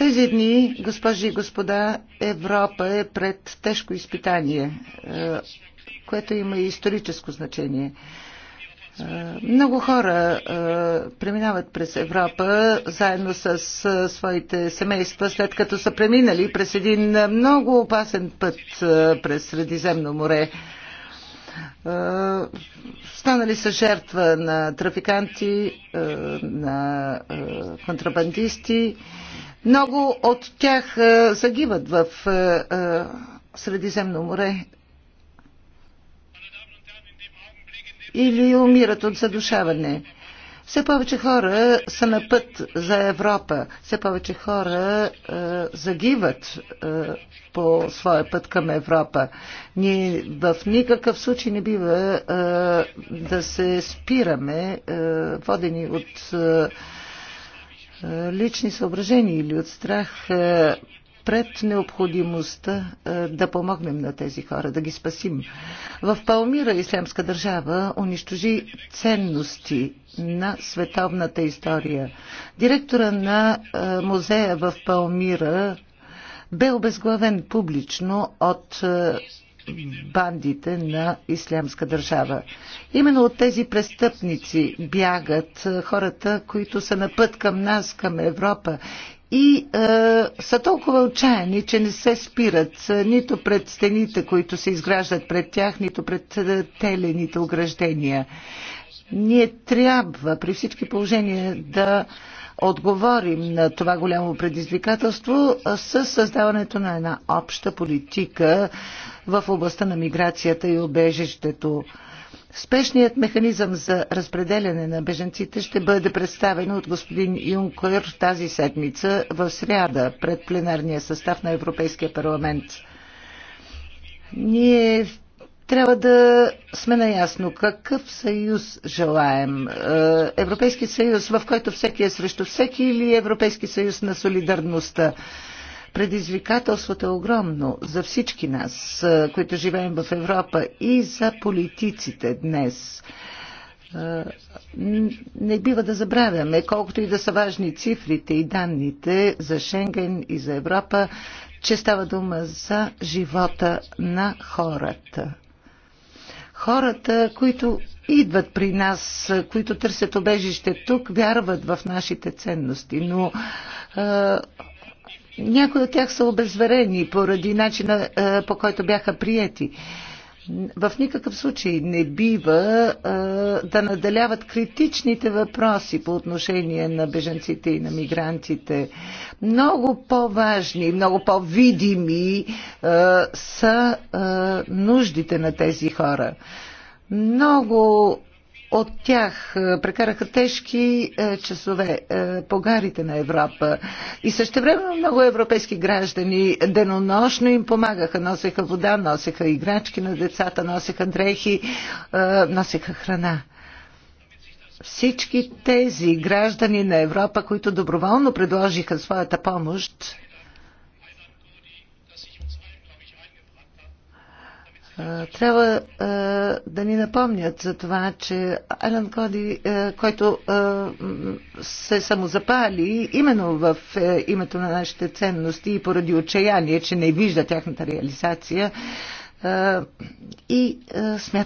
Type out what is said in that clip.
Тези дни, госпожи и господа, Европа е пред тежко изпитание, е, което има и историческо значение. Е, много хора е, преминават през Европа заедно с своите семейства, след като са преминали през един много опасен път през Средиземно море. Станали са жертва на трафиканти, на контрабандисти много от тях е, загиват в е, е, Средиземно море или умират от задушаване. Все повече хора са на път за Европа. Все повече хора а, загиват а, по своя път към Европа. Ние в никакъв случай не бива а, да се спираме, а, водени от. А, е, лични съображения или от страх е, пред необходимостта е, да помогнем на тези хора, да ги спасим. В Палмира Ислямска държава унищожи ценности на световната история. Директора на музея в Палмира бе обезглавен публично от бандите на Ислямска държава. Именно от тези престъпници бягат е, хората, които са на път към нас, към Европа и е, са толкова отчаяни, че не се спират е, нито пред стените, които се изграждат пред тях, нито пред е, телените ограждения. Ние трябва при всички положения да отговорим на това голямо предизвикателство с създаването на една обща политика в областта на миграцията и обежището. Спешният механизъм за разпределяне на беженците ще бъде представен от господин Юнкер тази седмица в сряда пред пленарния състав на Европейския парламент. Ние трябва да сме наясно какъв съюз желаем. Е, Европейски съюз, в който всеки е срещу всеки или Европейски съюз на солидарността. Предизвикателството е огромно за всички нас, е, които живеем в Европа и за политиците днес. Е, не бива да забравяме, колкото и да са важни цифрите и данните за Шенген и за Европа, че става дума за живота на хората. Хората, които идват при нас, които търсят обежище тук, вярват в нашите ценности, но е, някои от тях са обезверени поради начина е, по който бяха приети. Е, в никакъв случай не бива а, да наделяват критичните въпроси по отношение на беженците и на мигрантите. Много по-важни, много по-видими са а, нуждите на тези хора. Много от тях е, прекараха тежки е, часове е, по гарите на Европа. И също време много европейски граждани денонощно им помагаха. Носеха вода, носеха играчки на децата, носеха дрехи, носеха храна. Всички тези граждани на Европа, които доброволно предложиха своята помощ, трябва а, да ни напомнят за това, че Елен Коди, а, който а, се самозапали именно в а, е, името на нашите ценности и поради отчаяние, че не вижда тяхната реализация а, и а, смята,